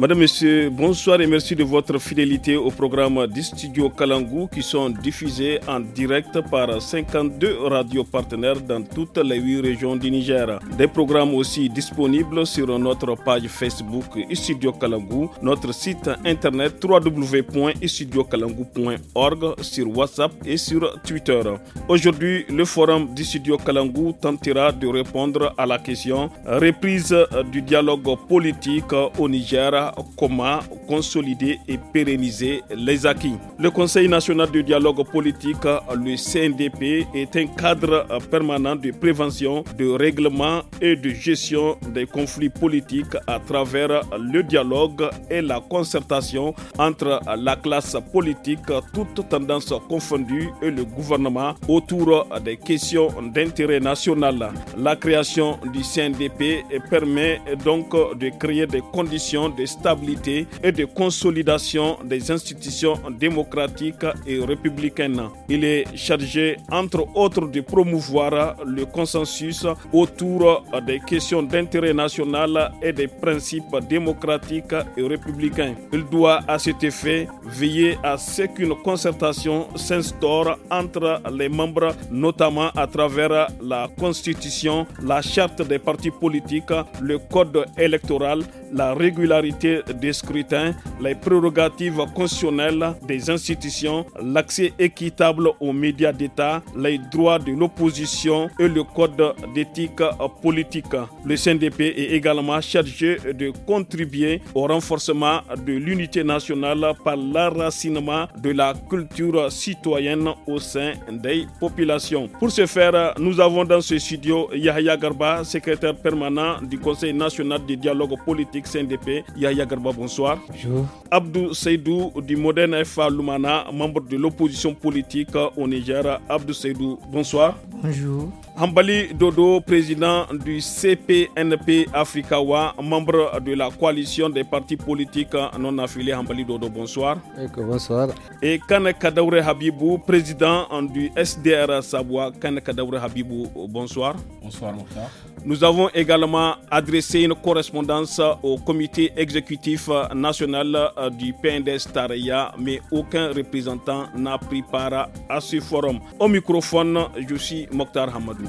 Madame, Monsieur, bonsoir et merci de votre fidélité au programme du studio Kalangou qui sont diffusés en direct par 52 radios partenaires dans toutes les huit régions du Niger. Des programmes aussi disponibles sur notre page Facebook Studio Kalangou, notre site internet www.studiokalangou.org, sur WhatsApp et sur Twitter. Aujourd'hui, le forum du studio Kalangou tentera de répondre à la question reprise du dialogue politique au Niger comment consolider et pérenniser les acquis. Le Conseil national du dialogue politique, le CNDP, est un cadre permanent de prévention, de règlement et de gestion des conflits politiques à travers le dialogue et la concertation entre la classe politique, toutes tendances confondues, et le gouvernement autour des questions d'intérêt national. La création du CNDP permet donc de créer des conditions de stabilité et de consolidation des institutions démocratiques et républicaines. Il est chargé, entre autres, de promouvoir le consensus autour des questions d'intérêt national et des principes démocratiques et républicains. Il doit à cet effet veiller à ce qu'une concertation s'instaure entre les membres, notamment à travers la Constitution, la charte des partis politiques, le code électoral, la régularité des scrutins, les prérogatives constitutionnelles des institutions, l'accès équitable aux médias d'État, les droits de l'opposition et le code d'éthique politique. Le CNDP est également chargé de contribuer au renforcement de l'unité nationale par l'enracinement de la culture citoyenne au sein des populations. Pour ce faire, nous avons dans ce studio Yahya Garba, secrétaire permanent du Conseil national de dialogue politique politique CNDP, Yaya Garba, bonsoir. Bonjour. Abdou Seydou du Modène FA Lumana, membre de l'opposition politique au Niger. Abdou Seydou, bonsoir. Bonjour. Hambali Dodo, président du CPNP Africawa, membre de la coalition des partis politiques non affiliés. Hambali Dodo, bonsoir. Eh, bonsoir. Et Kane Habibou, président du SDR Savoie. Kane Habibou, bonsoir. Bonsoir, Mokhtar. Nous avons également adressé une correspondance au comité exécutif national du PNDS Tareya, mais aucun représentant n'a pris part à ce forum. Au microphone, je suis Mokhtar Hamadou.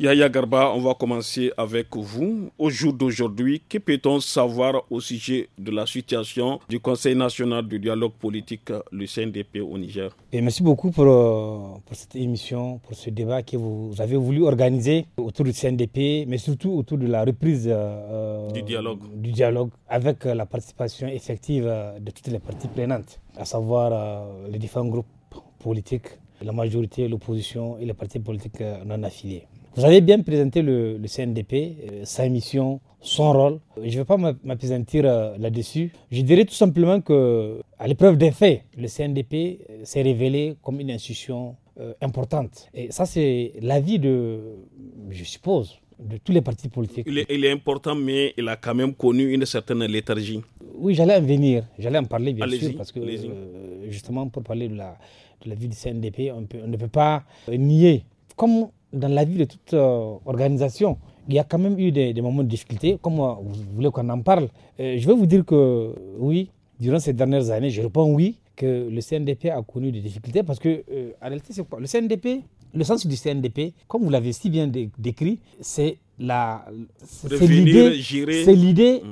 Yaya Garba, on va commencer avec vous. Au jour d'aujourd'hui, que peut-on savoir au sujet de la situation du Conseil national du dialogue politique, le CNDP au Niger Et Merci beaucoup euh, pour, cette émission, pour ce débat que vous avez voulu organiser autour du CNDP, mais surtout autour de la reprise euh, euh, du, dialogue. avec la participation effective de toutes les parties prenantes, à savoir les différents groupes politiques la majorité, l'opposition et les partis politiques euh, non affiliés. Vous avez bien présenté le, CNDP, euh, sa mission, son rôle. Je ne vais pas m'apesantir euh, là-dessus. Je dirais tout simplement que, à l'épreuve des faits, le CNDP s'est révélé comme une institution importante. Et ça, c'est l'avis de, je suppose, de tous les partis politiques. Il est, il est, important, mais il a quand même connu une certaine léthargie. Oui, j'allais en venir, j'allais en parler bien sûr, parce que justement pour parler de la la vie du CNDP, on, ne peut pas euh, nier. Comme dans la vie de toute euh, organisation, il y a quand même eu des, moments de difficulté, comme euh, vous voulez qu'on en parle. je vais vous dire que oui, durant ces dernières années, je réponds oui, que le CNDP a connu des difficultés parce que, en réalité, c'est quoi Le CNDP, le sens du CNDP, comme vous l'avez si bien décrit, c'est l'idée c'est l'idée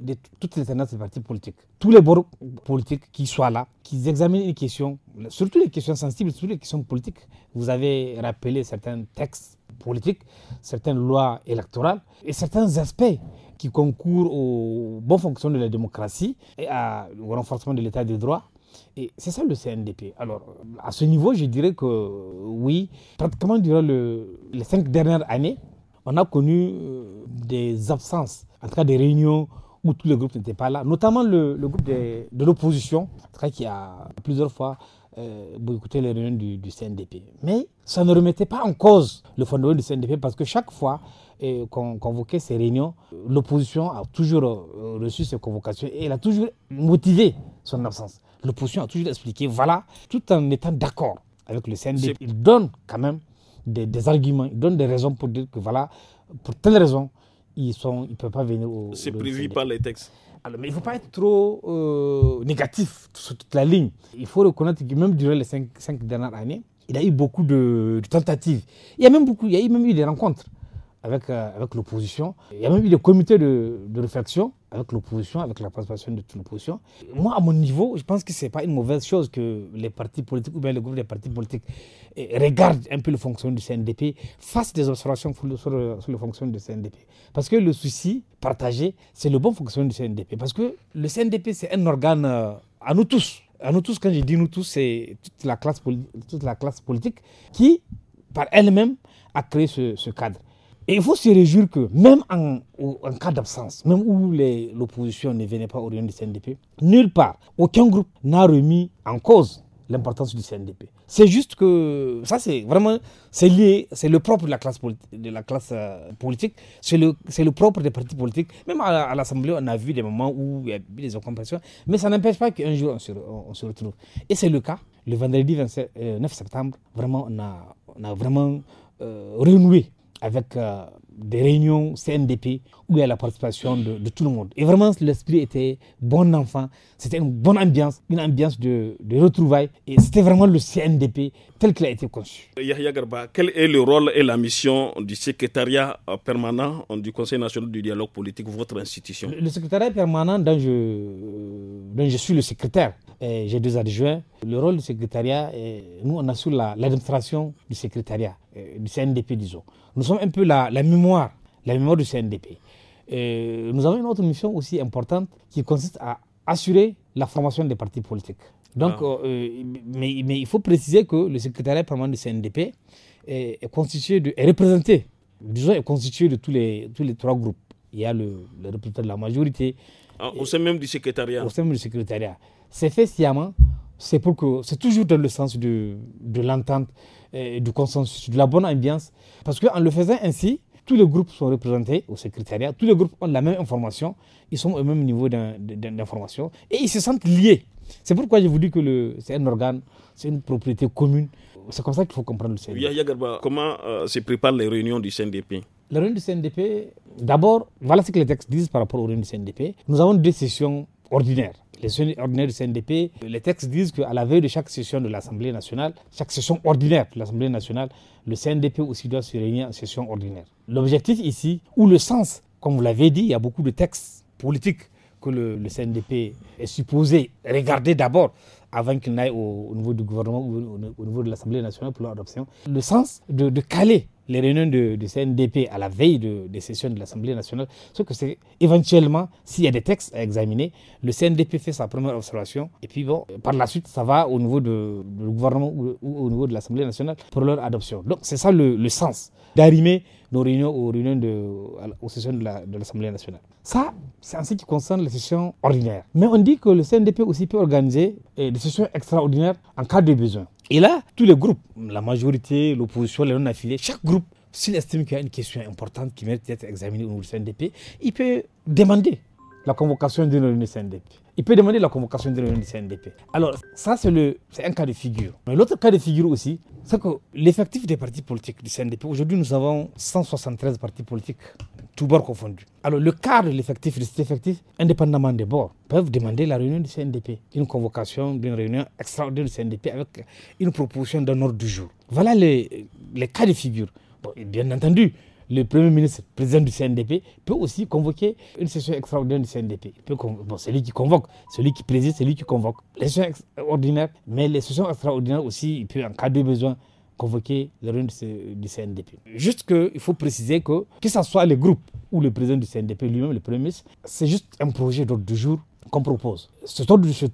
mm. de, toutes les tendances des partis politiques tous les bords politiques qui soient là qui examinent les questions surtout les questions sensibles surtout les questions politiques vous avez rappelé certains textes politiques certaines lois électorales et certains aspects qui concourent au bon fonctionnement de la démocratie et au renforcement de l'état des droits. Et c'est ça le CNDP. Alors, à ce niveau, je dirais que euh, oui, pratiquement durant les cinq dernières années, on a connu euh, des absences, en tout cas des réunions où tous les groupes n'étaient pas là, notamment le, groupe de, l'opposition, qui a plusieurs fois euh, les réunions du, du, CNDP. Mais ça ne remettait pas en cause le fondement du CNDP parce que chaque fois, et convoqué ces réunions. L'opposition a toujours euh, reçu ces convocations et elle a toujours motivé son absence. L'opposition a toujours expliqué, voilà, tout en étant d'accord avec le CND. Il donne quand même des, arguments, il donne des raisons pour dire que voilà, pour telle raison, ils ne ils peuvent pas venir au. C'est prévu par les textes. mais il ne faut pas être trop euh, négatif sur toute la ligne. Il faut reconnaître que même durant les cinq, dernières années, il y a eu beaucoup de, de, tentatives. Il y a même beaucoup, il y a eu même eu des rencontres. Euh, avec, l'opposition. Il y a même eu des comités de, réflexion avec l'opposition, avec la participation de toute l'opposition. Moi, à mon niveau, je pense que ce n'est pas une mauvaise chose que les partis politiques ou bien le groupe des partis politiques eh, regardent un peu le fonctionnement du CNDP, fassent des observations sur le, sur fonctionnement du CNDP. Parce que le souci partagé, c'est le bon fonctionnement du CNDP. Parce que le CNDP, c'est un organe euh, à nous tous. À nous tous, quand je dis nous tous, c'est toute la classe, toute la classe politique qui, par elle-même, a créé ce cadre. Et il faut se réjouir que même en, cas d'absence, même où l'opposition ne venait pas au réunion du CNDP, nulle part, aucun groupe n'a remis en cause l'importance du CNDP. C'est juste que ça, c'est vraiment, c'est lié, c'est le propre de la classe, euh, politique, c'est le, propre des partis politiques. Même à, l'Assemblée, on a vu des moments où il y a eu des incompréhensions, mais ça n'empêche pas qu'un jour on se, retrouve. Et c'est le cas. Le vendredi 27, 9 euh, septembre, vraiment, on a, on a vraiment euh, renoué avec euh, des réunions CNDP où il y a la participation de, tout le monde. Et vraiment, l'esprit était bon enfant, c'était une bonne ambiance, une ambiance de, retrouvailles, et c'était vraiment le CNDP tel qu'il a été conçu. Yahya Garba, quel est le rôle et la mission du secrétariat euh, permanent euh, du Conseil national du dialogue politique, votre institution Le, secrétariat permanent dont je, suis le secrétaire, j'ai deux adjoints, le rôle du secrétariat, nous on assure l'administration du secrétariat, du CNDP disons. Nous sommes un peu la, mémoire, la mémoire du CNDP. nous avons une autre mission aussi importante qui consiste à assurer la formation des partis politiques. Donc, ah. euh, mais, il faut préciser que le secrétariat permanent du CNDP est, constitué, de, représenté, disons, est constitué de tous les, tous les trois groupes. Il y a le, représentant de la majorité. Ah, au sein même du secrétariat. Au sein même du secrétariat. C'est fait sciemment, c'est pour que c'est toujours dans le sens de, de l'entente du consensus, de la bonne ambiance. Parce qu'en le faisant ainsi, tous les groupes sont représentés au secrétariat, tous les groupes ont la même information, ils sont au même niveau d'information et ils se sentent liés. C'est pourquoi je vous dis que c'est un organe, c'est une propriété commune. C'est comme ça qu'il faut comprendre le CNDP. comment euh, se préparent les réunions du CNDP Les réunions du CNDP, d'abord, voilà ce que les textes disent par rapport aux réunions du CNDP. Nous avons deux sessions ordinaires les ordinaires du CNDP, les textes disent qu'à la veille de chaque session de l'Assemblée nationale, chaque session ordinaire de l'Assemblée nationale, le CNDP aussi doit se réunir en session ordinaire. L'objectif ici, ou le sens, comme vous l'avez dit, il y a beaucoup de textes politiques que le, CNDP est supposé regarder d'abord avant qu'il n'aille au, niveau du gouvernement ou au, niveau de l'Assemblée nationale pour l'adoption. Le sens de, de caler les réunions du CNDP à la veille de, des sessions de l'Assemblée nationale, ce que c'est éventuellement, s'il y a des textes à examiner, le CNDP fait sa première observation et puis bon, par la suite, ça va au niveau de, du gouvernement ou, au niveau de l'Assemblée nationale pour leur adoption. Donc c'est ça le, sens d'arrimer nos réunions aux réunions de, aux sessions de l'Assemblée nationale. Ça, c'est en ce qui concerne les sessions ordinaires. Mais on dit que le CNDP aussi peut organiser eh, des sessions extraordinaires en cas de besoin. Et là, tous les groupes, la majorité, l'opposition, les non-affiliés, chaque groupe, s'il estime qu'il y a une question importante qui mérite d'être examinée au niveau du CNDP, il peut demander la convocation d'une réunion du CNDP. Il peut demander la convocation d'une réunion du CNDP. Alors, ça, c'est un cas de figure. Mais l'autre cas de figure aussi, c'est que l'effectif des partis politiques du CNDP, aujourd'hui, nous avons 173 partis politiques tout bord Alors le cadre de l'effectif, de effectif, indépendamment des bords, peuvent demander la réunion du CNDP, une convocation d'une réunion extraordinaire du CNDP avec une proposition d'un ordre du jour. Voilà les, cas de figure. Bon, bien entendu, le Premier ministre, président du CNDP, peut aussi convoquer une session extraordinaire du CNDP. celui qui convoque, celui qui préside, c'est lui qui convoque. Les sessions ordinaires, mais les sessions extraordinaires aussi, il peut, en cas de besoin, convoquer les réunions du CNDP. Juste qu'il faut préciser que, que ce soit le groupe ou le président du CNDP lui-même, le premier ministre, c'est juste un projet d'ordre du jour qu'on propose ce,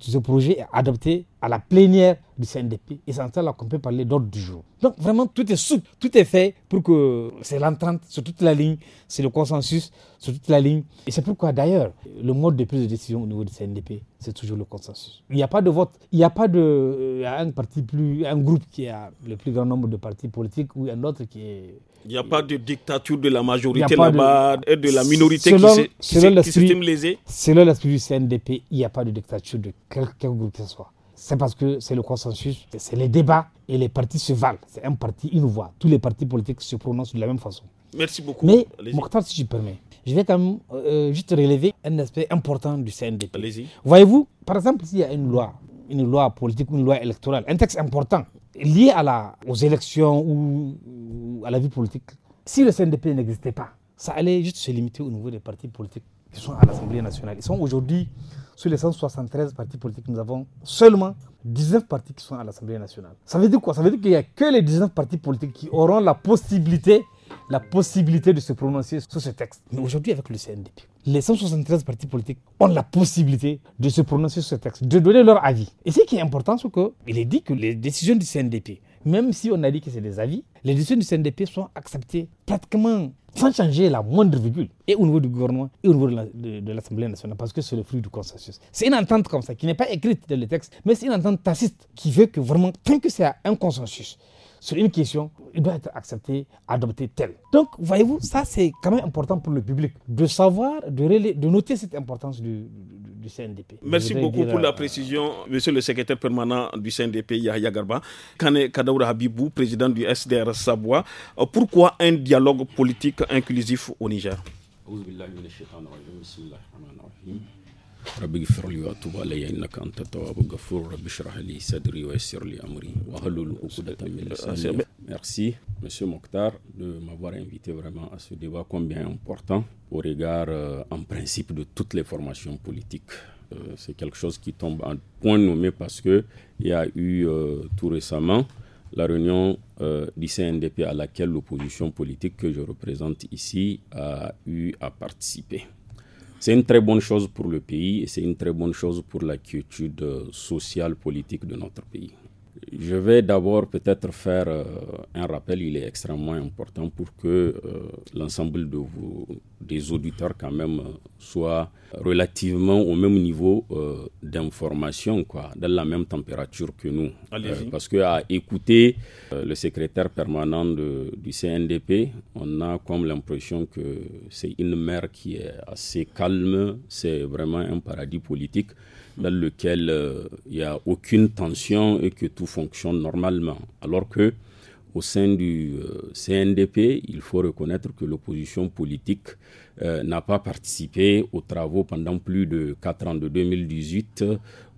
ce, projet est adopté à la plénière du CNDP. Et c'est en cela qu'on peut parler d'ordre du jour. Donc vraiment, tout est souple, tout est fait pour que c'est l'entente sur toute la ligne, c'est le consensus sur toute la ligne. Et c'est pourquoi d'ailleurs, le mode de prise de décision au niveau du CNDP, c'est toujours le consensus. Il n'y a pas de vote, il n'y a pas de un parti plus, un groupe qui a le plus grand nombre de partis politiques ou un autre qui est... Il n'y a pas de dictature de la majorité là-bas et de la minorité selon, qui s'estime lésée. Selon l'esprit du CNDP, il n'y a pas de dictature de quelqu'un groupe que ce soit. C'est parce que c'est le consensus, c'est les débats et les partis se valent. C'est un parti, une voix. Tous les partis politiques se prononcent de la même façon. Merci beaucoup. Mais Mokhtar, si tu permets, je vais quand même euh, euh, juste relever un aspect important du CNDP. Allez-y. Voyez-vous, par exemple, s'il y a une loi, une loi politique, une loi électorale, un texte important lié aux élections ou, ou à la vie politique, si le CNDP n'existait pas, ça allait juste se limiter au niveau des partis politiques qui sont à l'Assemblée nationale. Ils sont aujourd'hui sur les 173 partis politiques, nous avons seulement 19 partis qui sont à l'Assemblée nationale. Ça veut dire quoi Ça veut dire qu'il n'y a que les 19 partis politiques qui auront la possibilité, la possibilité de se prononcer sur ce texte. Mais aujourd'hui, avec le CNDP, les 173 partis politiques ont la possibilité de se prononcer sur ce texte, de donner leur avis. Et ce qui est important, c'est qu'il est dit que les décisions du CNDP même si on a dit que c'est des avis, les décisions du CNDP sont acceptées pratiquement sans changer la moindre virgule, et au niveau du gouvernement, et au niveau de l'Assemblée nationale, parce que c'est le fruit du consensus. C'est une entente comme ça, qui n'est pas écrite dans le texte, mais c'est une entente tacite qui veut que vraiment, tant que c'est un consensus, sur une question, il doit être accepté, adopté tel. Donc, voyez-vous, ça c'est quand même important pour le public de savoir, de, de noter cette importance du, Merci beaucoup pour la précision, monsieur le secrétaire permanent du CNDP, Yahya Garba. Kane Kadaoura Habibou, président du SDR Savoie, euh, pourquoi un dialogue politique inclusif au Niger Merci, Monsieur Mokhtar, de m'avoir invité vraiment à ce débat combien important au regard, euh, en principe, de toutes les formations politiques. Euh, c'est quelque chose qui tombe en point nommé parce qu'il y a eu euh, tout récemment la réunion du CNDP à laquelle l'opposition politique que je représente ici a eu à participer. C'est une très bonne chose pour le pays et c'est une très bonne chose pour la quiétude euh, sociale, politique de notre pays. Je vais d'abord peut-être faire euh, un rappel, il est extrêmement important pour que euh, l'ensemble de des auditeurs quand même euh, soit relativement au même niveau d'information, quoi, dans la même température que nous. parce qu'à à écouter le secrétaire permanent du CNDP, on a comme l'impression que c'est une mer qui est assez calme, c'est vraiment un paradis politique dans lequel euh, il n'y a aucune tension et que tout fonctionne normalement. Alors que au sein du euh, CNDP, il faut reconnaître que l'opposition politique euh, n'a pas participé aux travaux pendant plus de 4 ans, de 2018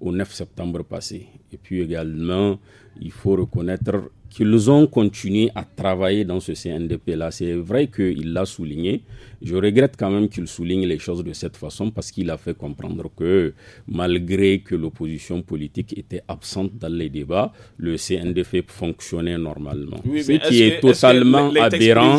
au 9 septembre passé. Et puis également, il faut reconnaître qu'ils ont continué à travailler dans ce CNDP-là. C'est vrai qu'il l'a souligné. Je regrette quand même qu'il souligne les choses de cette façon parce qu'il a fait comprendre que malgré que l'opposition politique était absente dans les débats, le CNDP fonctionnait normalement. qui est, totalement aberrant,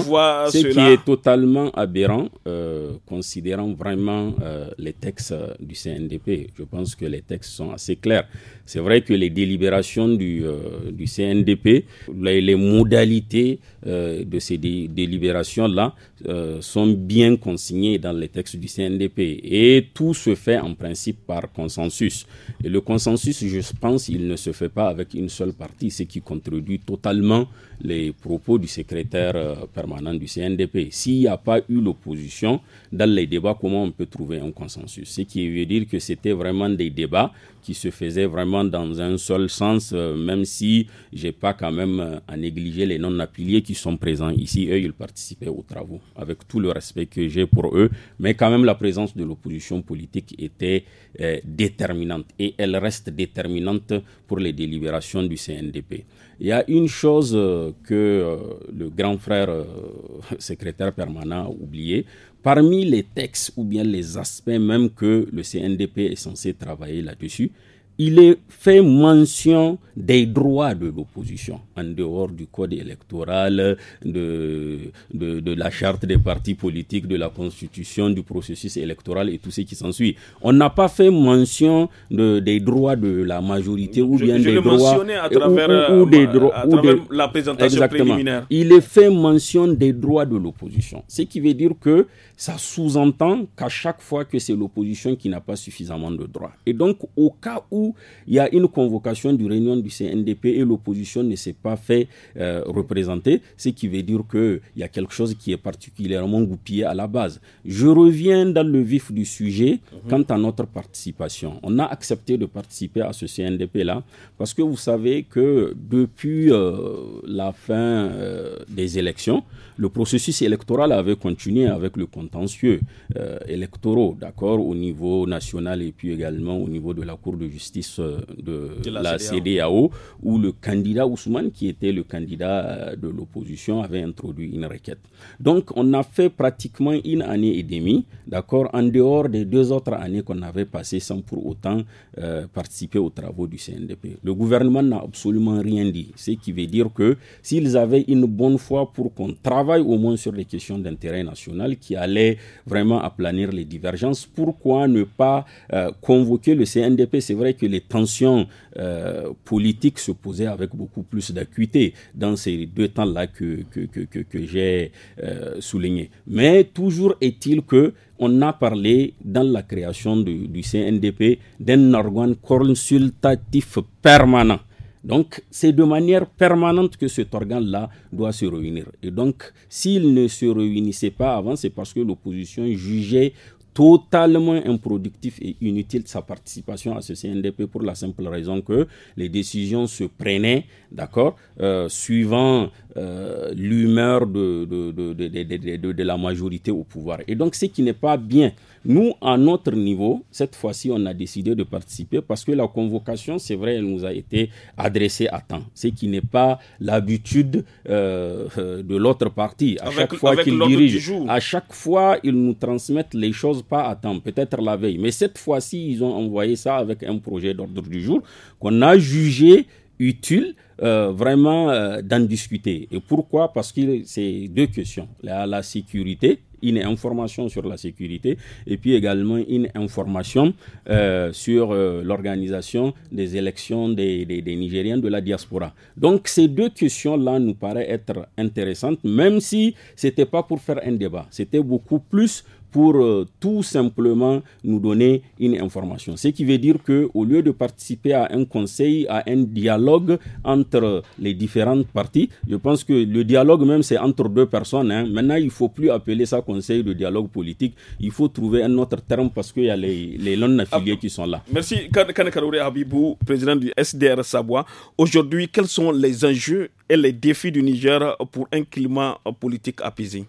ce qui est totalement aberrant. Ce qui est totalement aberrant euh, considérant vraiment euh, les textes euh, du CNDP. Je pense que les textes sont assez clairs. C'est vrai que les délibérations du, CNDP, les modalités euh, de ces délibérations-là euh, sont bien consignées dans les textes du CNDP. Et tout se fait en principe par consensus. Et le consensus, je pense, il ne se fait pas avec une seule partie, ce qui contredit totalement les propos du secrétaire euh, permanent du CNDP. S'il n'y a pas eu l'opposition dans les débats, comment on peut trouver un consensus Ce qui veut dire que c'était vraiment des débats qui se faisait vraiment dans un seul sens, euh, même si j'ai pas quand même euh, à négliger les non appuyés qui sont présents ici. Eux, ils participaient aux travaux avec tout le respect que j'ai pour eux, mais quand même la présence de l'opposition politique était euh, déterminante et elle reste déterminante pour les délibérations du CNDP. Il y a une chose que le grand frère secrétaire permanent a oublié. Parmi les textes ou bien les aspects même que le CNDP est censé travailler là-dessus, il est fait mention des droits de l'opposition, en dehors du code électoral, de, de, la charte des partis politiques, de la constitution, du processus électoral et tout ce qui s'ensuit. On n'a pas fait mention de, des droits de la majorité ou bien des droits à travers, ou, euh, des droits à travers la présentation préliminaire. Il est fait mention des droits de l'opposition, ce qui veut dire que ça sous-entend qu'à chaque fois que c'est l'opposition qui n'a pas suffisamment de droits. Et donc au cas où il y a une convocation du réunion du CNDP et l'opposition ne s'est pas fait euh, représenter, ce qui veut dire qu'il y a quelque chose qui est particulièrement goupillé à la base. Je reviens dans le vif du sujet mhm. quant à notre participation. On a accepté de participer à ce CNDP-là parce que vous savez que depuis euh, la fin euh, des élections, le processus électoral avait continué avec le contentieux électoral, d'accord, au niveau national et puis également au niveau de la Cour de justice euh, de, la, CDAO, où le candidat Ousmane, qui était le candidat euh, de l'opposition, avait introduit une requête. Donc on a fait pratiquement une année et demie, d'accord, en dehors des deux autres années qu'on avait passées sans pour autant euh, participer aux travaux du CNDP. Le gouvernement n'a absolument rien dit, ce qui veut dire que s'ils avaient une bonne foi pour qu'on travaille au moins sur les questions d'intérêt national qui allaient vraiment aplanir les divergences, pourquoi ne pas convoquer le CNDP C'est vrai que les tensions euh, politiques se posaient avec beaucoup plus d'acuité dans ces deux temps-là que, que, que, j'ai euh, souligné. Mais toujours est-il que on a parlé dans la création du, du CNDP d'un organe consultatif permanent. Donc, c'est de manière permanente que cet organe-là doit se réunir. Et donc, s'il ne se réunissait pas avant, c'est parce que l'opposition jugeait totalement improductif et inutile sa participation à ce CNDP pour la simple raison que les décisions se prenaient, d'accord, euh, suivant euh, l'humeur de, de, la majorité au pouvoir. Et donc, ce qui n'est pas bien. Nous, à notre niveau, cette fois-ci, on a décidé de participer parce que la convocation, c'est vrai, elle nous a été adressée à temps. Ce qui n'est pas l'habitude euh, de l'autre parti. À chaque fois qu'ils dirigent à chaque fois, ils nous transmettent les choses pas à temps, peut-être la veille. Mais cette fois-ci, ils ont envoyé ça avec un projet d'ordre du jour qu'on a jugé utile euh, vraiment euh, d'en discuter. Et pourquoi Parce que c'est deux questions. La, la sécurité, une information sur la sécurité, et puis également une information euh, sur l'organisation des élections des, des, des, Nigériens de la diaspora. Donc ces deux questions-là nous paraissent être intéressantes, même si ce n'était pas pour faire un débat, c'était beaucoup plus pour euh, tout simplement nous donner une information. Ce qui veut dire que au lieu de participer à un conseil, à un dialogue entre les différentes parties, je pense que le dialogue même c'est entre deux personnes. Hein. Maintenant, il faut plus appeler ça conseil de dialogue politique. Il faut trouver un autre terme parce qu'il y a les, les non affiliés qui sont là. Merci Kanekaroure Habibou, président du SDR Savoie. Aujourd'hui, quels sont les enjeux et les défis du Niger pour un climat politique apaisé?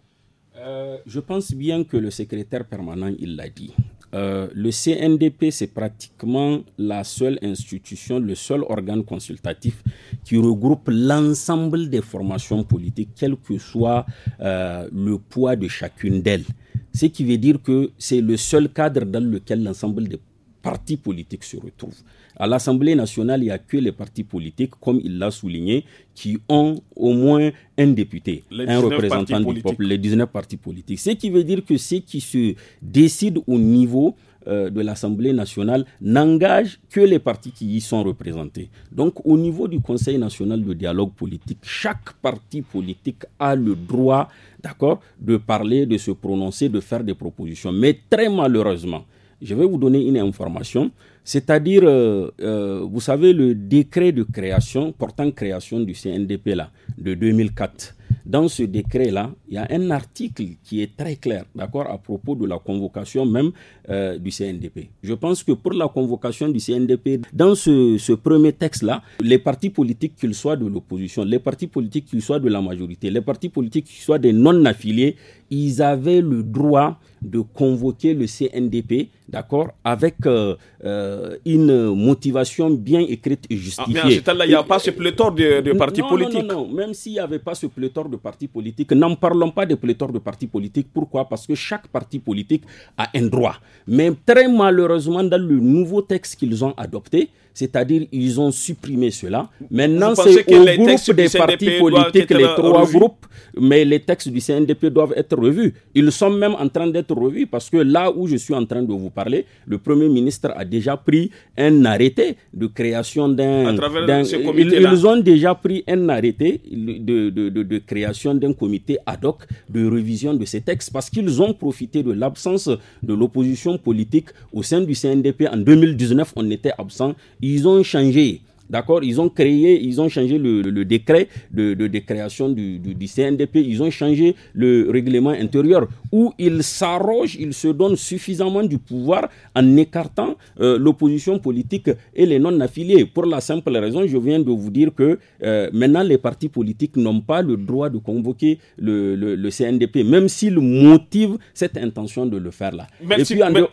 Euh, je pense bien que le secrétaire permanent, il l'a dit. Euh, le CNDP, c'est pratiquement la seule institution, le seul organe consultatif qui regroupe l'ensemble des formations politiques, quel que soit euh, le poids de chacune d'elles. Ce qui veut dire que c'est le seul cadre dans lequel l'ensemble des partis politiques se retrouvent. À l'Assemblée nationale, il n'y a que les partis politiques, comme il l'a souligné, qui ont au moins un député, un représentant du peuple, les 19 partis politiques. Ce qui veut dire que ceux qui se décident au niveau euh, de l'Assemblée nationale n'engage que les partis qui y sont représentés. Donc au niveau du Conseil national de dialogue politique, chaque parti politique a le droit, d'accord, de parler, de se prononcer, de faire des propositions. Mais très malheureusement, je vais vous donner une information. C'est-à-dire, euh, euh, vous savez, le décret de création, portant création du CNDP là, de 2004. Dans ce décret-là, il y a un article qui est très clair, d'accord, à propos de la convocation même euh, du CNDP. Je pense que pour la convocation du CNDP, dans ce, ce premier texte-là, les partis politiques, qu'ils soient de l'opposition, les partis politiques, qu'ils soient de la majorité, les partis politiques, qu'ils soient des non-affiliés, ils avaient le droit de convoquer le CNDP, d'accord, avec euh, euh, une motivation bien écrite et ah, justifiée. mais là il n'y a pas ce pléthore de, partis politiques. Non, non, non, même s'il n'y avait pas ce pléthore de partis politiques, n'en parlons pas de pléthore de partis politiques. Pourquoi Parce que chaque parti politique a un droit. Mais très malheureusement, dans le nouveau texte qu'ils ont adopté, c'est-à-dire ils ont supprimé cela. Maintenant, c'est au groupe des partis politiques, les trois groupes, mais les textes du CNDP doivent être revus. Ils sont même en train d'être revus parce que là où je suis en train de vous parler, le Premier ministre a déjà pris un arrêté de création d'un... Ils, ils, ont déjà pris un arrêté de, de création d'un comité ad hoc de révision de ces textes parce qu'ils ont profité de l'absence de l'opposition politique au sein du CNDP. En 2019, on était absent. Ils ont changé. D'accord Ils ont créé, ils ont changé le, décret de, création du, CNDP, ils ont changé le règlement intérieur où ils s'arrogent, ils se donnent suffisamment du pouvoir en écartant euh, l'opposition politique et les non-affiliés. Pour la simple raison, je viens de vous dire que euh, maintenant les partis politiques n'ont pas le droit de convoquer le, CNDP, même s'ils motivent cette intention de le faire là.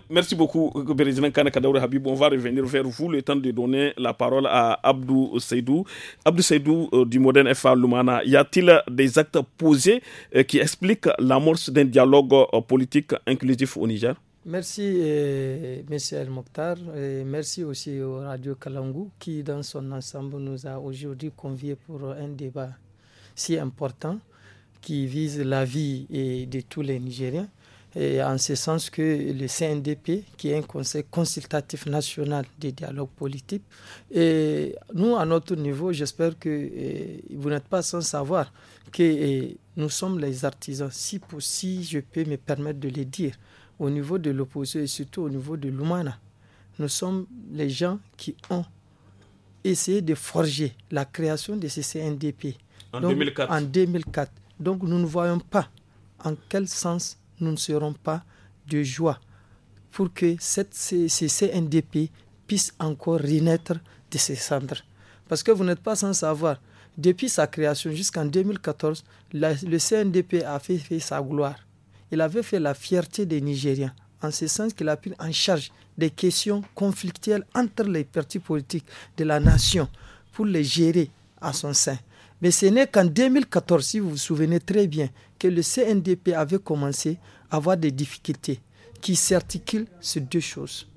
Merci, beaucoup, Président Habib. On va revenir vers vous le temps de donner la parole à Abdou Seydou. Abdou Seydou euh, du Modène FA Lumana, y a-t-il des actes posés euh, qui expliquent l'amorce d'un dialogue euh, politique inclusif au Niger Merci, M. El Mokhtar. merci aussi au Radio Kalangou qui, dans son ensemble, nous a aujourd'hui conviés pour un débat si important qui vise la vie de tous les Nigériens et en ce sens que le CNDP, qui est un conseil consultatif national des dialogues politiques, et nous, à notre niveau, j'espère que eh, vous n'êtes pas sans savoir que eh, nous sommes les artisans, si, si je peux me permettre de le dire, au niveau de l'opposé et surtout au niveau de l'UMANA Nous sommes les gens qui ont essayé de forger la création de ce CNDP en 2004. Donc nous ne voyons pas en quel sens nous ne serons pas de joie pour que cette, CNDP puisse encore renaître de ses cendres. Parce que vous n'êtes pas sans savoir, depuis sa création jusqu'en 2014, le CNDP a fait, fait sa gloire. Il avait fait la fierté des Nigériens, en ce sens qu'il a pris en charge des questions conflictuelles entre les partis politiques de la nation pour les gérer à son sein. Mais ce n'est qu'en 2014, si vous vous souvenez très bien, que le CNDP avait commencé à avoir des difficultés qui s'articulent sur deux choses.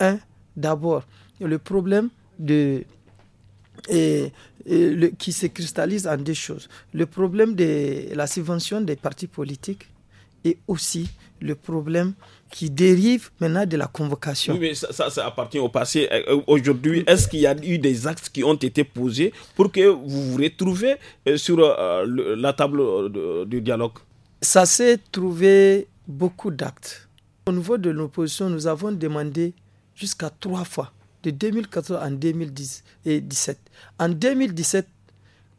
Un, d'abord, le problème de, qui se cristallise en deux choses. Le problème de la subvention des partis politiques et aussi le problème qui dérive maintenant de la convocation. Oui, mais ça, ça, appartient au passé. Euh, euh, aujourd'hui, est-ce qu'il y a eu des actes qui ont été posés pour que vous vous retrouviez euh, sur la table du dialogue Ça s'est trouvé beaucoup d'actes. Au niveau de l'opposition, nous avons demandé jusqu'à trois fois, de 2014 en 2017. En 2017,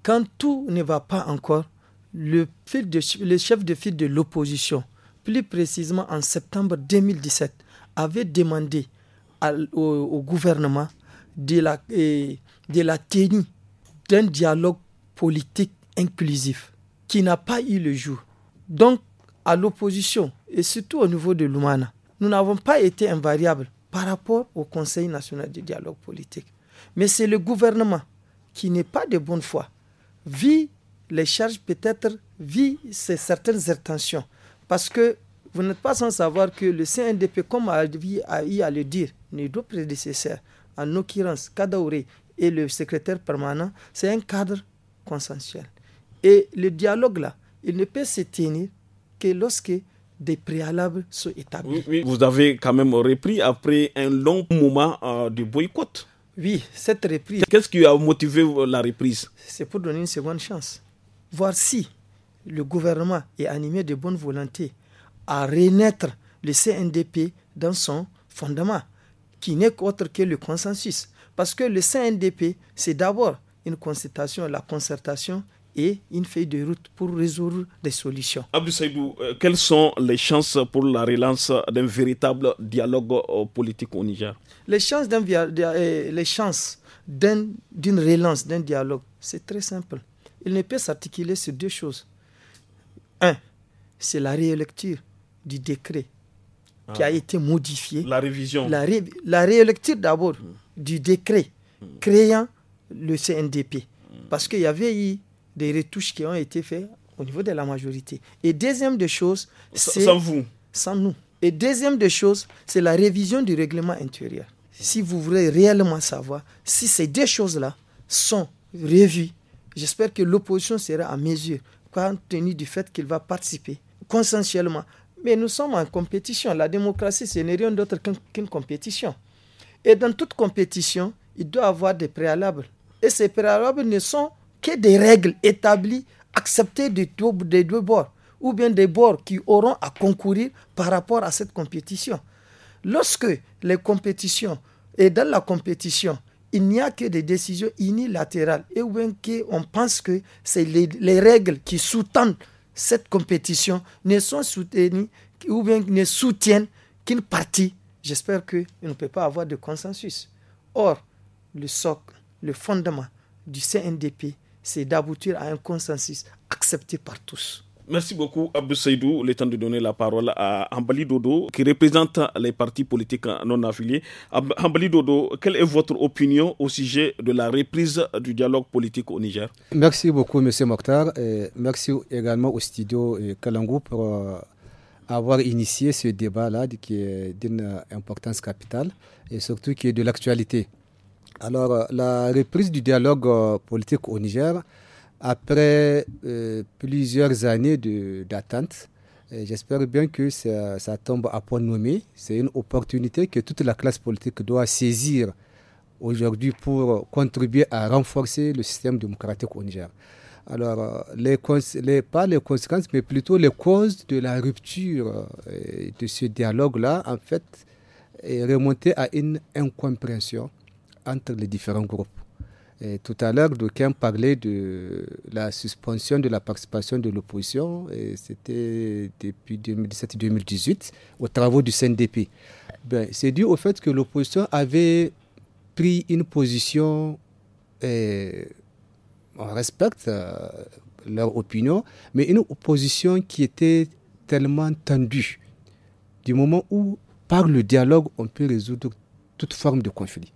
quand tout ne va pas encore, le, fil de, le chef de file de l'opposition plus précisément en septembre 2017, avait demandé au, gouvernement de la, de la tenue d'un dialogue politique inclusif qui n'a pas eu le jour. Donc, à l'opposition, et surtout au niveau de l'Umana, nous n'avons pas été invariables par rapport au Conseil national du dialogue politique. Mais c'est le gouvernement qui n'est pas de bonne foi, vit les charges peut-être, vit certaines intentions parce que vous n'êtes pas sans savoir que le CNDP, comme a eu à le dire, nos deux prédécesseurs, en l'occurrence Kadaouré et le secrétaire permanent, c'est un cadre consensuel. Et le dialogue là, il ne peut se tenir que lorsque des préalables sont établis. Vous avez quand même repris après un long moment euh, de boycott. Oui, cette reprise. Qu'est-ce qui a motivé la reprise C'est pour donner une seconde chance. Voir si le gouvernement est animé de bonne volonté à renaître le CNDP dans son fondement, qui n'est autre que le consensus. Parce que le CNDP, c'est d'abord une concertation, la concertation et une feuille de route pour résoudre des solutions. Abdou euh, quelles sont les chances pour la relance d'un véritable dialogue euh, politique au Niger Les chances d'un euh, les chances d'une relance d'un dialogue, c'est très simple. Il ne peut s'articuler sur deux choses. Un, c'est la réélecture du décret qui a ah. été modifié. La révision. La, réélecture d'abord hmm. du décret créant le CNDP. Parce qu'il y avait eu des retouches qui ont été faites au niveau de la majorité. Et deuxième des choses, c'est... Sans vous Sans nous. Et deuxième des choses, c'est la révision du règlement intérieur. Si vous voulez réellement savoir si ces deux choses-là sont revues, j'espère que l'opposition sera à mesure compte tenu du fait qu'il va participer consensuellement. Mais nous sommes en compétition. La démocratie, ce n'est rien d'autre qu'une compétition. Et dans toute compétition, il doit y avoir des préalables. Et ces préalables ne sont que des règles établies, acceptées des deux, des deux bords, ou bien des bords qui auront à concourir par rapport à cette compétition. Lorsque les compétitions, et dans la compétition, il n'y a que des décisions unilatérales et ou bien qu'on pense que c'est les, règles qui sous cette compétition ne sont soutenues ou bien ne soutiennent qu'une partie. J'espère qu'il ne peut pas avoir de consensus. Or, le socle, le fondement du CNDP, c'est d'aboutir à un consensus accepté par tous. Merci beaucoup, Abdou Saïdou, Il est temps de donner la parole à Ambali Dodo, qui représente les partis politiques non affiliés. Ambali Dodo, quelle est votre opinion au sujet de la reprise du dialogue politique au Niger Merci beaucoup, M. Mokhtar. merci également au studio Kalangou pour euh, avoir initié ce débat-là qui est d'une importance capitale et surtout qui est de l'actualité. Alors, euh, la reprise du dialogue euh, politique au Niger, après euh, plusieurs années d'attente, euh, j'espère bien que ça, tombe à point nommé. C'est une opportunité que toute la classe politique doit saisir aujourd'hui pour contribuer à renforcer le système démocratique au Niger. Alors, euh, les, les, pas les conséquences, mais plutôt les causes de la rupture de ce dialogue-là, en fait, est remontée à une incompréhension entre les différents groupes. Euh, tout à l'heure, d'aucuns parlait de la suspension de la participation de l'opposition, et c'était depuis 2017-2018, aux travaux du CNDP. Ben, c'est dû au fait que l'opposition avait pris une position, et euh, on respecte euh, leur opinion, mais une opposition qui était tellement tendue, du moment où, par le dialogue, on peut résoudre toute forme de conflit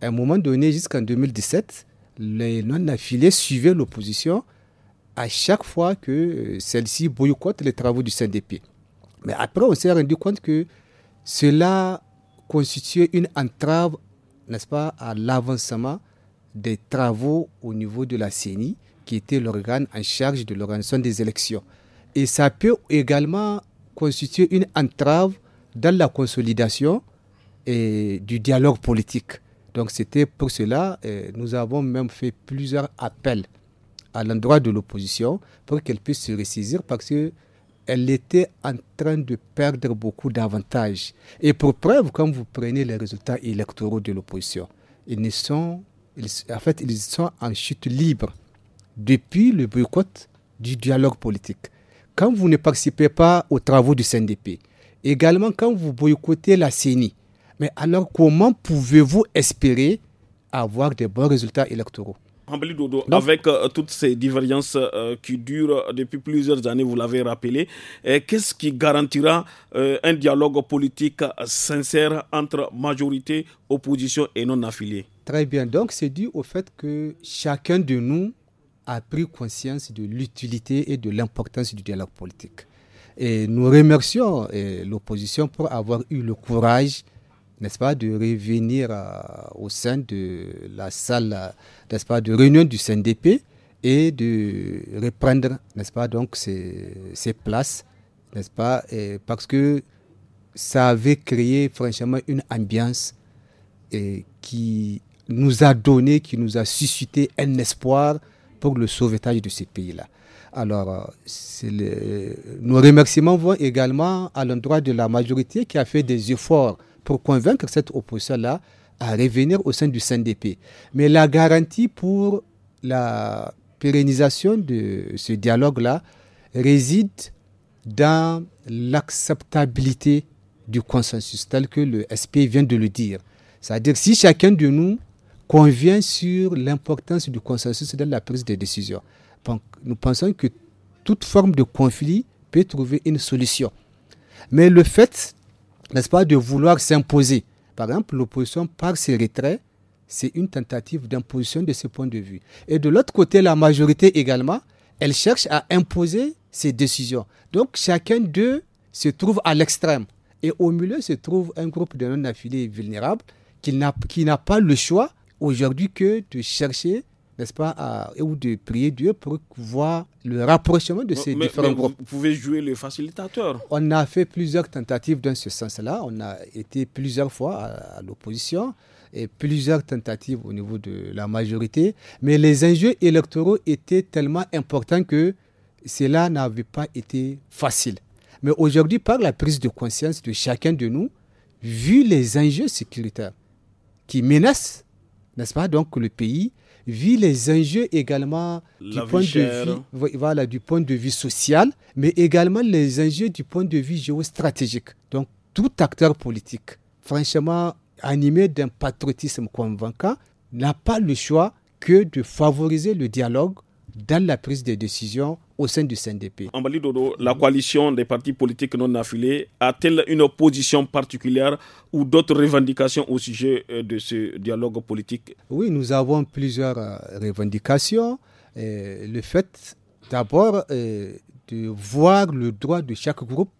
à un moment donné, jusqu'en 2017, les non-affiliés suivaient l'opposition à chaque fois que euh, celle-ci boycotte les travaux du CNDP. Mais après, on s'est rendu compte que cela constituait une entrave, n'est-ce pas, à l'avancement des travaux au niveau de la CENI, qui était l'organe en charge de l'organisation des élections. Et ça peut également constituer une entrave dans la consolidation et du dialogue politique. Donc c'était pour cela, nous avons même fait plusieurs appels à l'endroit de l'opposition pour qu'elle puisse se ressaisir parce qu'elle était en train de perdre beaucoup d'avantages. Et pour preuve, quand vous prenez les résultats électoraux de l'opposition, ils ne sont, en fait, ils sont en chute libre depuis le boycott du dialogue politique. Quand vous ne participez pas aux travaux du CNDP, également quand vous boycottez la CENI, mais alors, comment pouvez-vous espérer avoir des bons résultats électoraux Dodo, avec euh, toutes ces divergences euh, qui durent depuis plusieurs années, vous l'avez rappelé, euh, qu'est-ce qui garantira un dialogue politique sincère entre majorité, opposition et non-affiliés Très bien. Donc, c'est dû au fait que chacun de nous a pris conscience de l'utilité et de l'importance du dialogue politique. Et nous remercions l'opposition pour avoir eu le courage n'est-ce pas, de revenir euh, au sein de la salle, n'est-ce pas, de réunion du CNDP et de reprendre, n'est-ce pas, donc ces, places, n'est-ce pas, parce que ça avait créé franchement une ambiance et qui nous a donné, qui nous a suscité un espoir pour le sauvetage de ce pays-là. Alors, euh, nos remerciements vont également à l'endroit de la majorité qui a fait des efforts pour convaincre cette opposition-là à revenir au sein du CNDP. Mais la garantie pour la pérennisation de ce dialogue-là réside dans l'acceptabilité du consensus, tel que le SP vient de le dire. C'est-à-dire si chacun de nous convient sur l'importance du consensus dans la prise de décision. Donc, nous pensons que toute forme de conflit peut trouver une solution. Mais le fait n'est-ce pas, de vouloir s'imposer. Par exemple, l'opposition, par ses retraits, c'est une tentative d'imposition de ce point de vue. Et de l'autre côté, la majorité également, elle cherche à imposer ses décisions. Donc chacun d'eux se trouve à l'extrême. Et au milieu se trouve un groupe de non-affiliés vulnérables qui n'a pas le choix aujourd'hui que de chercher n'est-ce pas, ou de prier Dieu pour voir le rapprochement de ces différents groupes. Vous pouvez jouer le facilitateur. On a fait plusieurs tentatives dans ce sens-là. On a été plusieurs fois à l'opposition et plusieurs tentatives au niveau de la majorité. Mais les enjeux électoraux étaient tellement importants que cela n'avait pas été facile. Mais aujourd'hui, par la prise de conscience de chacun de nous, vu les enjeux sécuritaires qui menacent, n'est-ce pas, donc le pays, vit les enjeux également du point, de vue, du point de vue social, mais également les enjeux du point de vue géostratégique. Donc, tout acteur politique, franchement, animé d'un patriotisme convaincant, n'a pas le choix que de favoriser le dialogue dans la prise de décision au sein du CNDP. Ambali Dodo, la coalition des partis politiques non affiliés a-t-elle une opposition particulière ou d'autres revendications au sujet euh, de ce dialogue politique Oui, nous avons plusieurs euh, revendications. Euh, le fait d'abord de voir le droit de chaque groupe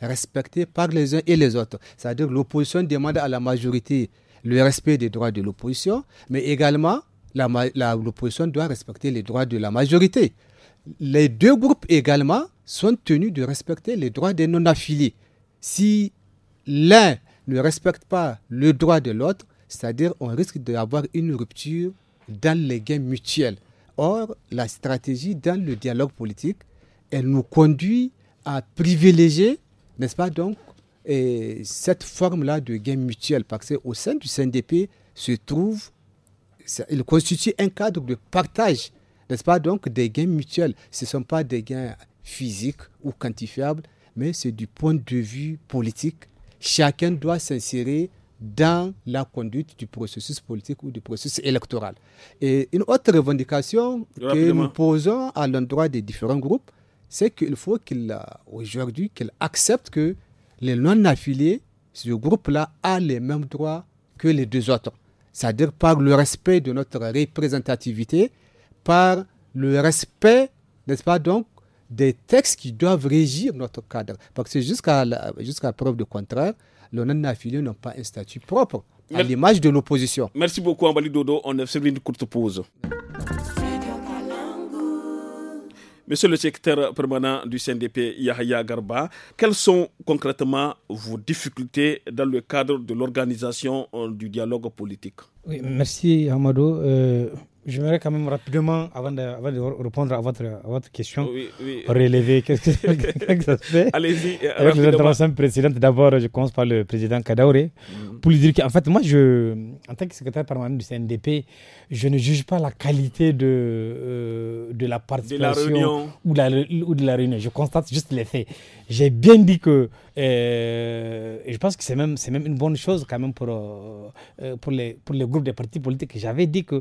respecté par les uns et les autres. C'est-à-dire l'opposition demande à la majorité le respect des droits de l'opposition, mais également l'opposition doit respecter les droits de la majorité. Les deux groupes également sont tenus de respecter les droits des non-affiliés. Si l'un ne respecte pas le droit de l'autre, c'est-à-dire on risque d'avoir une rupture dans les gains mutuels. Or, la stratégie dans le dialogue politique, elle nous conduit à privilégier, n'est-ce pas, donc, et cette forme-là de gains mutuels parce qu'au sein du CNDP se trouve il constitue un cadre de partage, n'est-ce pas, donc des gains mutuels. Ce ne sont pas des gains physiques ou quantifiables, mais c'est du point de vue politique. Chacun doit s'insérer dans la conduite du processus politique ou du processus électoral. Et une autre revendication que nous posons à l'endroit des différents groupes, c'est qu'il faut qu'il euh, aujourd'hui qu'il accepte que les non affiliés, ce groupe-là, a les mêmes droits que les deux autres c'est-à-dire par le respect de notre représentativité, par le respect, n'est-ce pas, donc, des textes qui doivent régir notre cadre. Parce que jusqu'à jusqu'à preuve de contraire, les non-affiliés pas un statut propre, à l'image de l'opposition. Merci beaucoup, Ambali Dodo. On a fait une courte pause. Monsieur le secrétaire permanent du CNDP, Yahya Garba, quelles sont concrètement vos difficultés dans le cadre de l'organisation euh, du dialogue politique Merci, Amado. Euh, voudrais quand même rapidement, avant de, répondre à votre, question, qu'est-ce que, ça fait. Allez-y. Euh, Avec les d'abord, je commence par le président Kadaoré, mm. pour lui dire qu'en fait, moi, je, en tant que secrétaire permanent du CNDP, je ne juge pas la qualité de, euh, de la participation de ou, de la réunion. Je constate juste les faits. J'ai bien dit que, euh, et je pense que c'est même, même une bonne chose quand même pour, pour, les, pour les groupes des partis politiques, j'avais dit que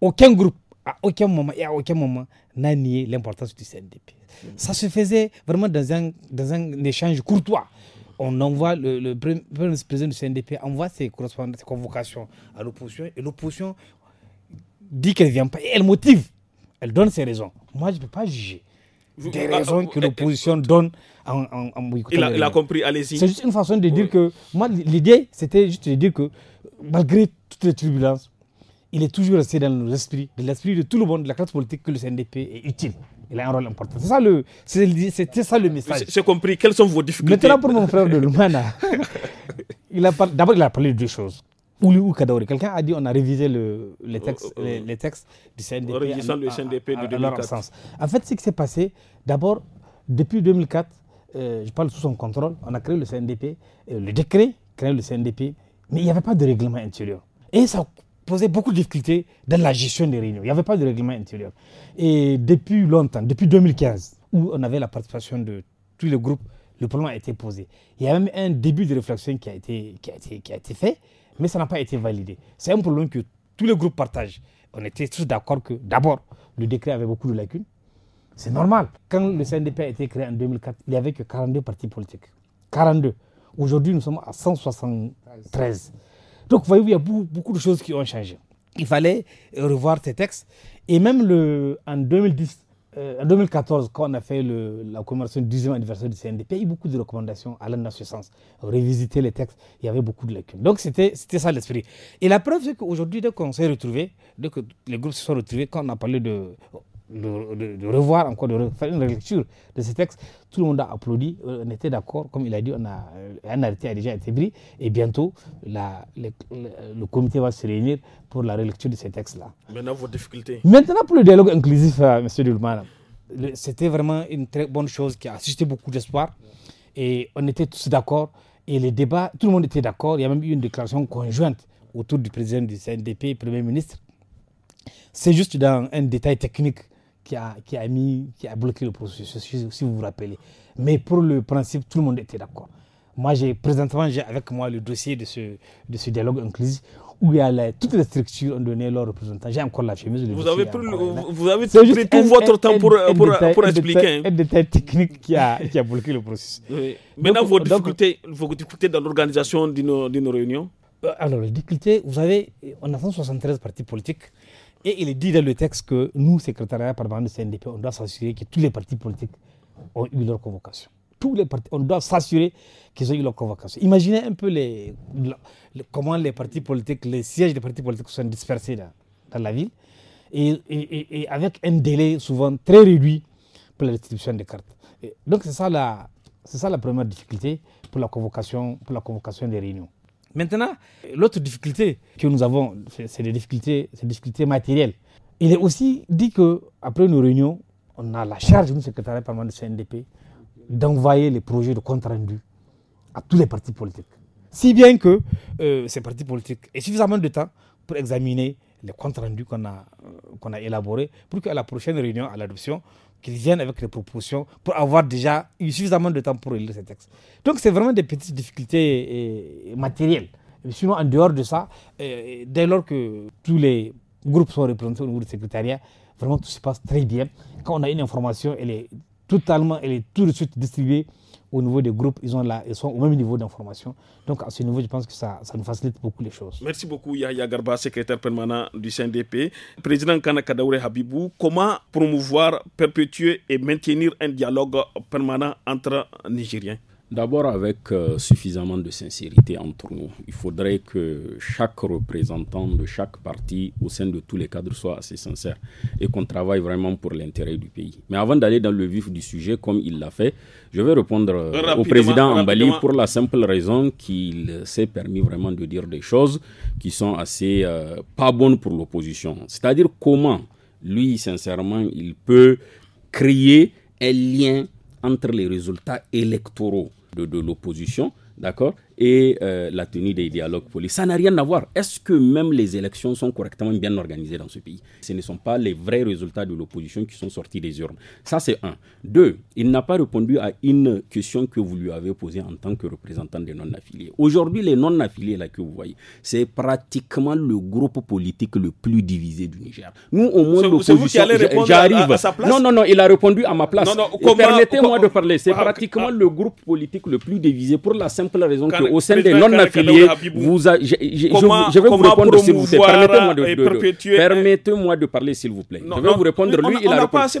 aucun groupe, à aucun moment et à aucun moment n'a nié l'importance du CNDP. Ça se faisait vraiment dans un, dans un échange courtois. On envoie le, le, président du CNDP envoie ses, ses convocations à l'opposition et l'opposition dit qu'elle ne vient pas et elle motive. Elle donne ses raisons. Moi, je ne peux pas juger des raisons que l'opposition euh, euh, donne en, en, il, a, a, compris, allez-y. C'est juste une façon de dire que. Moi, l'idée, c'était juste de dire que malgré toutes les turbulences, il est toujours resté dans nos esprits, de l'esprit de tout le monde de la classe politique, que le CNDP est utile. Il a un rôle important. C'est ça le, c'était ça le message. J'ai compris. Quelles sont vos difficultés Maintenant, pour mon frère de Lumana, d'abord, il a parlé de deux choses. ou quelqu'un a dit on a révisé le, les, textes, euh, euh, Les, textes du CNDP. En révisant le CNDP de 2004. En fait, ce qui s'est passé, d'abord, depuis 2004, euh, je parle sous son contrôle, on a créé le CNDP, le décret créé le CNDP, mais il n'y avait pas de règlement intérieur. Et ça posait beaucoup de difficultés dans la gestion des réunions. Il n'y avait pas de règlement intérieur. Et depuis longtemps, depuis 2015, où on avait la participation de tous les groupes, le problème a été posé. Il y a même un début de réflexion qui a été, qui a été, qui a été fait, mais ça n'a pas été validé. C'est un problème que tous les groupes partagent. On était tous d'accord que, d'abord, le décret avait beaucoup de lacunes. C'est normal. Quand le CNDP a été créé en 2004, il n'y avait que 42 partis politiques. 42. Aujourd'hui, nous sommes à 173. Donc, vous voyez, il y a beaucoup, beaucoup de choses qui ont changé. Il fallait euh, revoir ces textes. Et même le, en 2010, euh, en 2014, quand on a fait la commémoration du 10e anniversaire du CNDP, il y a eu beaucoup de recommandations allant dans ce sens. Révisiter les textes, il y avait beaucoup de lacunes. Donc c'était ça l'esprit. Et la preuve, c'est qu'aujourd'hui, dès qu'on s'est retrouvés, dès que les groupes se sont retrouvés, quand on a parlé de de, revoir encore, de faire une relecture de ces textes, Tout le monde a applaudi, euh, on était d'accord, comme il a dit, on a, euh, un arrêté a déjà été pris, et bientôt la, le, comité va se réunir pour la relecture de ces textes là Maintenant, vos difficultés. Maintenant, pour le dialogue inclusif, euh, M. Dulman, c'était vraiment une très bonne chose qui a suscité beaucoup d'espoir, et on était tous d'accord, et les débats, tout le monde était d'accord, il y a même eu une déclaration conjointe autour du président du CNDP, Premier ministre. C'est juste dans un détail technique qui a, qui a, mis, qui a bloqué le processus, si vous vous rappelez. Mais pour le principe, tout le monde était d'accord. Moi, j'ai présentement, j'ai avec moi le dossier de ce, de ce dialogue inclusif où il y a toutes les structures ont donné leurs représentants. J'ai encore la chemise. vous, avez pris, avez tout votre temps pour, expliquer. détail, hein. Un détail, technique qui a, bloqué le processus. Maintenant, vos, difficultés, dans l'organisation de nos, réunions euh, Alors, les difficultés, vous avez, on a 173 partis politiques. Et il est dit dans le texte que nous, secrétariat parlementaire de CNDP, on doit s'assurer que tous les partis politiques ont eu leur convocation. Tous les partis, on doit s'assurer qu'ils ont eu leur convocation. Imaginez un peu les, comment les partis politiques, les sièges des partis politiques sont dispersés dans, la ville et, avec un délai souvent très réduit pour la distribution des cartes. donc c'est ça la, c'est ça la première difficulté pour la convocation, pour la convocation des réunions. Maintenant, l'autre difficulté que nous avons, c'est des difficultés, des difficultés matérielles. Il est aussi dit que après nos réunions, on a la charge, du secrétaire permanent de CNDP, d'envoyer les projets de compte rendu à tous les partis politiques. Si bien que euh, ces partis politiques aient suffisamment de temps pour examiner les comptes rendus qu'on a, euh, qu'on a élaborés pour qu'à la prochaine réunion, à l'adoption, qu'ils viennent avec les propositions pour avoir déjà suffisamment de temps pour lire ces textes. Donc c'est vraiment des petites difficultés euh, matérielles. Sinon, en dehors de ça, euh, dès lors que tous les groupes sont représentés au niveau du secrétariat, vraiment tout se passe très bien. Quand on a une information, elle est totalement, elle est tout de suite distribuée au niveau des groupes, ils, ont ils sont au même niveau d'information. Donc à ce niveau, je pense que ça, nous facilite beaucoup les choses. Merci beaucoup Yahya Garba, secrétaire permanent du CNDP. Président Kanakadaoure Habibou, comment promouvoir, perpétuer et maintenir un dialogue permanent entre Nigériens D'abord avec euh, suffisamment de sincérité entre nous. Il faudrait que chaque représentant de chaque parti au sein de tous les cadres soit assez sincère et qu'on travaille vraiment pour l'intérêt du pays. Mais avant d'aller dans le vif du sujet comme il l'a fait, je vais répondre euh, au président Ambali pour la simple raison qu'il s'est permis vraiment de dire des choses qui sont assez euh, pas bonnes pour l'opposition. C'est-à-dire comment lui sincèrement il peut créer un lien entre les résultats électoraux de, l'opposition, d'accord, et euh, la tenue des dialogues politiques. Ça n'a rien à voir. Est-ce que même les élections sont correctement bien organisées dans ce pays Ce ne sont pas les vrais résultats de l'opposition qui sont sortis des urnes. Ça, c'est un. Deux, il n'a pas répondu à une question que vous lui avez posée en tant que représentant des non-affiliés. Aujourd'hui, les non-affiliés, là, que vous voyez, c'est pratiquement le groupe politique le plus divisé du Niger. Nous, au moins, l'opposition... J'arrive. Non, non, non, il a répondu à ma place. Permettez-moi de parler. C'est ah, pratiquement ah. le groupe politique le plus divisé pour la simple raison que au sein des non-affiliés, vous je, vais vous répondre si vous Permettez-moi de, euh, de, parler s'il vous plaît. je vais vous répondre. Lui,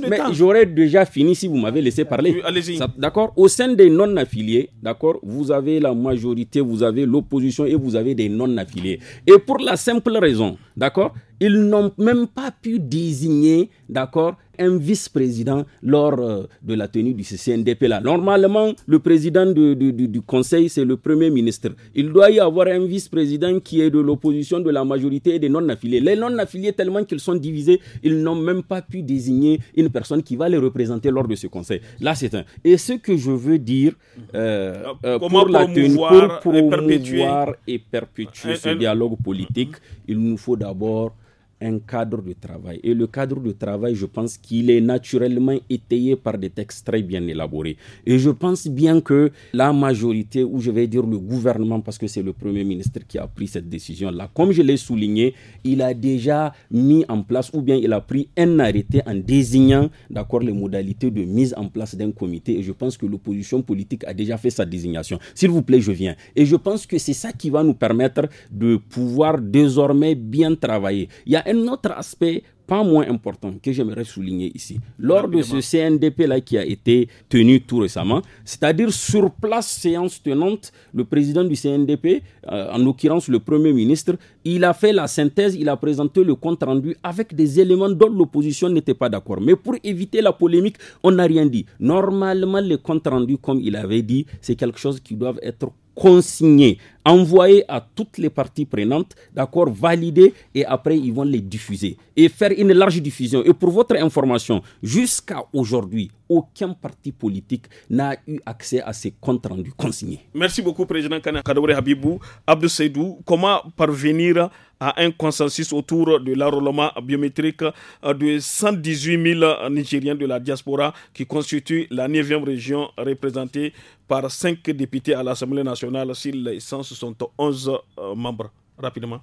Mais j'aurais déjà fini si vous m'avez laissé parler. allez-y d'accord Au sein des non-affiliés, d'accord Vous avez la majorité, vous avez l'opposition et vous avez des non-affiliés. Et pour la simple raison, d'accord ils n'ont même pas pu désigner, d'accord, un vice-président lors euh, de la tenue du CCNDP. Là. Normalement, le président du Conseil, c'est le Premier ministre. Il doit y avoir un vice-président qui est de l'opposition, de la majorité et des non-affiliés. Les non-affiliés, tellement qu'ils sont divisés, ils n'ont même pas pu désigner une personne qui va les représenter lors de ce Conseil. Là, c'est un. Et ce que je veux dire euh, euh, pour la tenue, pour promouvoir et perpétuer, perpétuer ce dialogue politique, il nous faut d'abord un cadre de travail. Et le cadre de travail, je pense qu'il est naturellement étayé par des textes très bien élaborés. Et je pense bien que la majorité, ou je vais dire le gouvernement, parce que c'est le Premier ministre qui a pris cette décision-là, comme je l'ai souligné, il a déjà mis en place, ou bien il a pris un arrêté en désignant, d'accord, les modalités de mise en place d'un comité. Et je pense que l'opposition politique a déjà fait sa désignation. S'il vous plaît, je viens. Et je pense que c'est ça qui va nous permettre de pouvoir désormais bien travailler. Il y a un autre aspect pas moins important que j'aimerais souligner ici. Lors de ce CNDP-là qui a été tenu tout récemment, c'est-à-dire sur place, séance tenante, le président du CNDP, euh, en l'occurrence le Premier ministre, il a fait la synthèse, il a présenté le compte-rendu avec des éléments dont l'opposition n'était pas d'accord. Mais pour éviter la polémique, on n'a rien dit. Normalement, le compte-rendu, comme il avait dit, c'est quelque chose qui doit être consigné, envoyé à toutes les parties prenantes, d'accord, valider et après ils vont les diffuser et faire une large diffusion. Et pour votre information, jusqu'à aujourd'hui, aucun parti politique n'a eu accès à ces comptes rendus consignés. Merci beaucoup, Président Kadoure Habibou. Abdou Seydou, comment parvenir à un consensus autour de l'enrôlement biométrique euh, de 118 000 euh, Nigériens de la diaspora qui constitue la 9e région représentée par 5 députés à l'Assemblée nationale si les 171 euh, membres. Rapidement.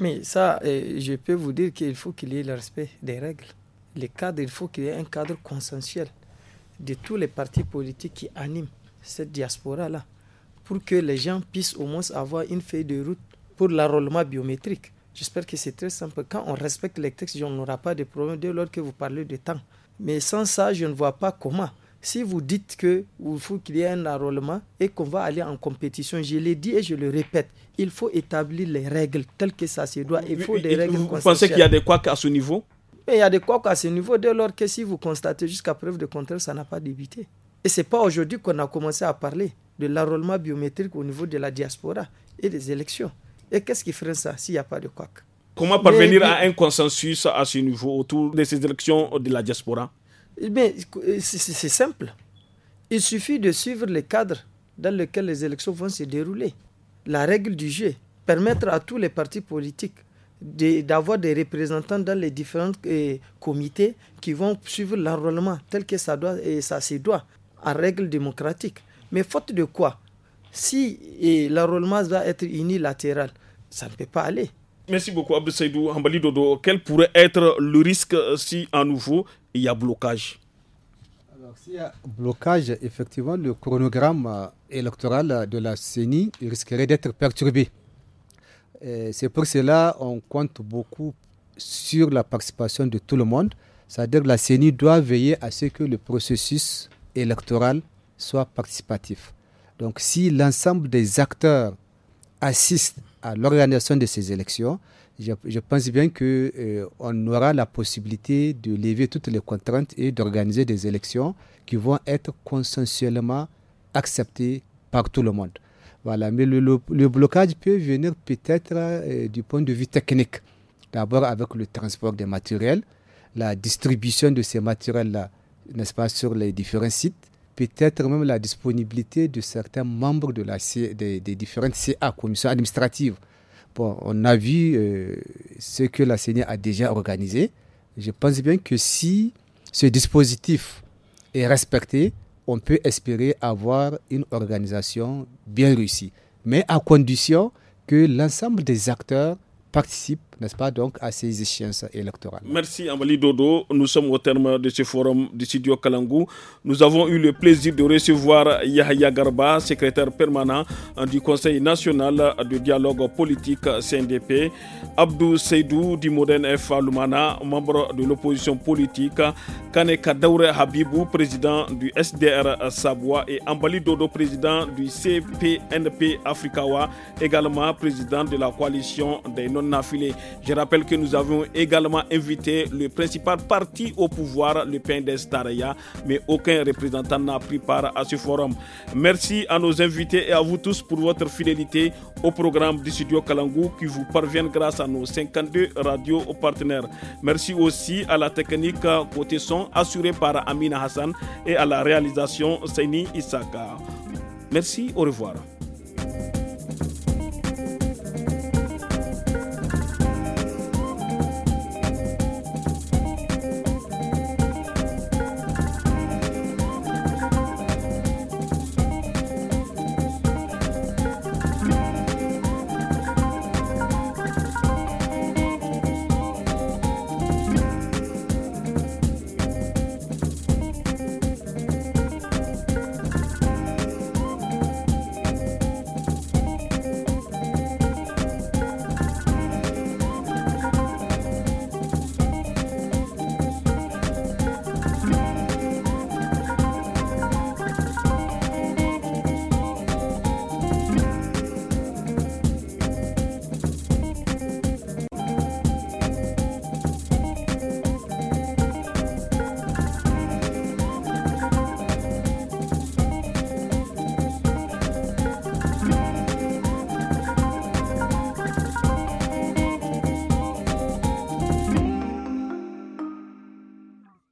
Mais ça, je peux vous dire qu'il faut qu'il y ait le respect des règles. Les cadres, il faut qu'il y ait un cadre consensuel de tous les partis politiques qui animent cette diaspora-là pour que les gens puissent au moins avoir une feuille de route pour l'enrôlement biométrique. J'espère que c'est très simple. Quand on respecte les textes, on n'aura pas de problème dès lors que vous parlez de temps. Mais sans ça, je ne vois pas comment. Si vous dites que il faut qu'il y ait un enrôlement et qu'on va aller en compétition, je l'ai dit et je le répète, il faut établir les règles telles que ça se doit. Il faut des règles. Vous pensez qu'il y a des couacs à ce niveau Mais il y a des couacs à ce niveau dès lors que si vous constatez jusqu'à preuve de contraire, ça n'a pas débuté. Et c'est pas aujourd'hui qu'on a commencé à parler de l'enrôlement biométrique au niveau de la diaspora et des élections. Et qu'est-ce qui ferait ça s'il n'y a pas de couac Comment parvenir à un consensus à ce niveau autour de ces élections de la diaspora C'est simple. Il suffit de suivre le cadre dans lequel les élections vont se dérouler. La règle du jeu, permettre à tous les partis politiques d'avoir des représentants dans les différents euh, comités qui vont suivre l'enrôlement tel que ça, doit, et ça se doit, à règle démocratique. Mais faute de quoi si l'enrôlement doit va être unilatéral, ça ne peut pas aller. Merci beaucoup, Abdou Saïdou Quel pourrait être le risque euh, si, à nouveau, il y a blocage Alors, s'il y a blocage, effectivement, le chronogramme euh, électoral euh, de la CENI risquerait d'être perturbé. C'est pour cela qu'on compte beaucoup sur la participation de tout le monde. C'est-à-dire que la CENI doit veiller à ce que le processus électoral soit participatif. Donc si l'ensemble des acteurs assistent à l'organisation de ces élections, je, pense bien qu'on euh, aura la possibilité de lever toutes les contraintes et d'organiser des élections qui vont être consensuellement acceptées par tout le monde. Voilà, mais le, blocage peut venir peut-être euh, du point de vue technique. D'abord avec le transport des matériels, la distribution de ces matériels-là, n'est-ce pas, sur les différents sites, peut-être même la disponibilité de certains membres de la des, différentes CA, commissions administratives. Bon, on a vu euh, ce que la CNA e a déjà organisé. Je pense bien que si ce dispositif est respecté, on peut espérer avoir une organisation bien réussie. Mais à condition que l'ensemble des acteurs participe n'est-ce pas, donc à ces échéances électorales. Merci Ambali Dodo. Nous sommes au terme de ce forum du studio Kalangou. Nous avons eu le plaisir de recevoir Yahya Garba, secrétaire permanent du Conseil national de dialogue politique CNDP, Abdou Seydou du Modène F. membre de l'opposition politique, Kaneka Daure Habibou, président du SDR Savoie et Ambali Dodo, président du CPNP Africawa, également président de la coalition des non je rappelle que nous avons également invité le principal parti au pouvoir, le PNDS Taraya, mais aucun représentant n'a pris part à ce forum. Merci à nos invités et à vous tous pour votre fidélité au programme du studio Kalangu qui vous parvient grâce à nos 52 radios partenaires. Merci aussi à la technique côté son assurée par Amina Hassan et à la réalisation Saini Isaka. Merci, au revoir.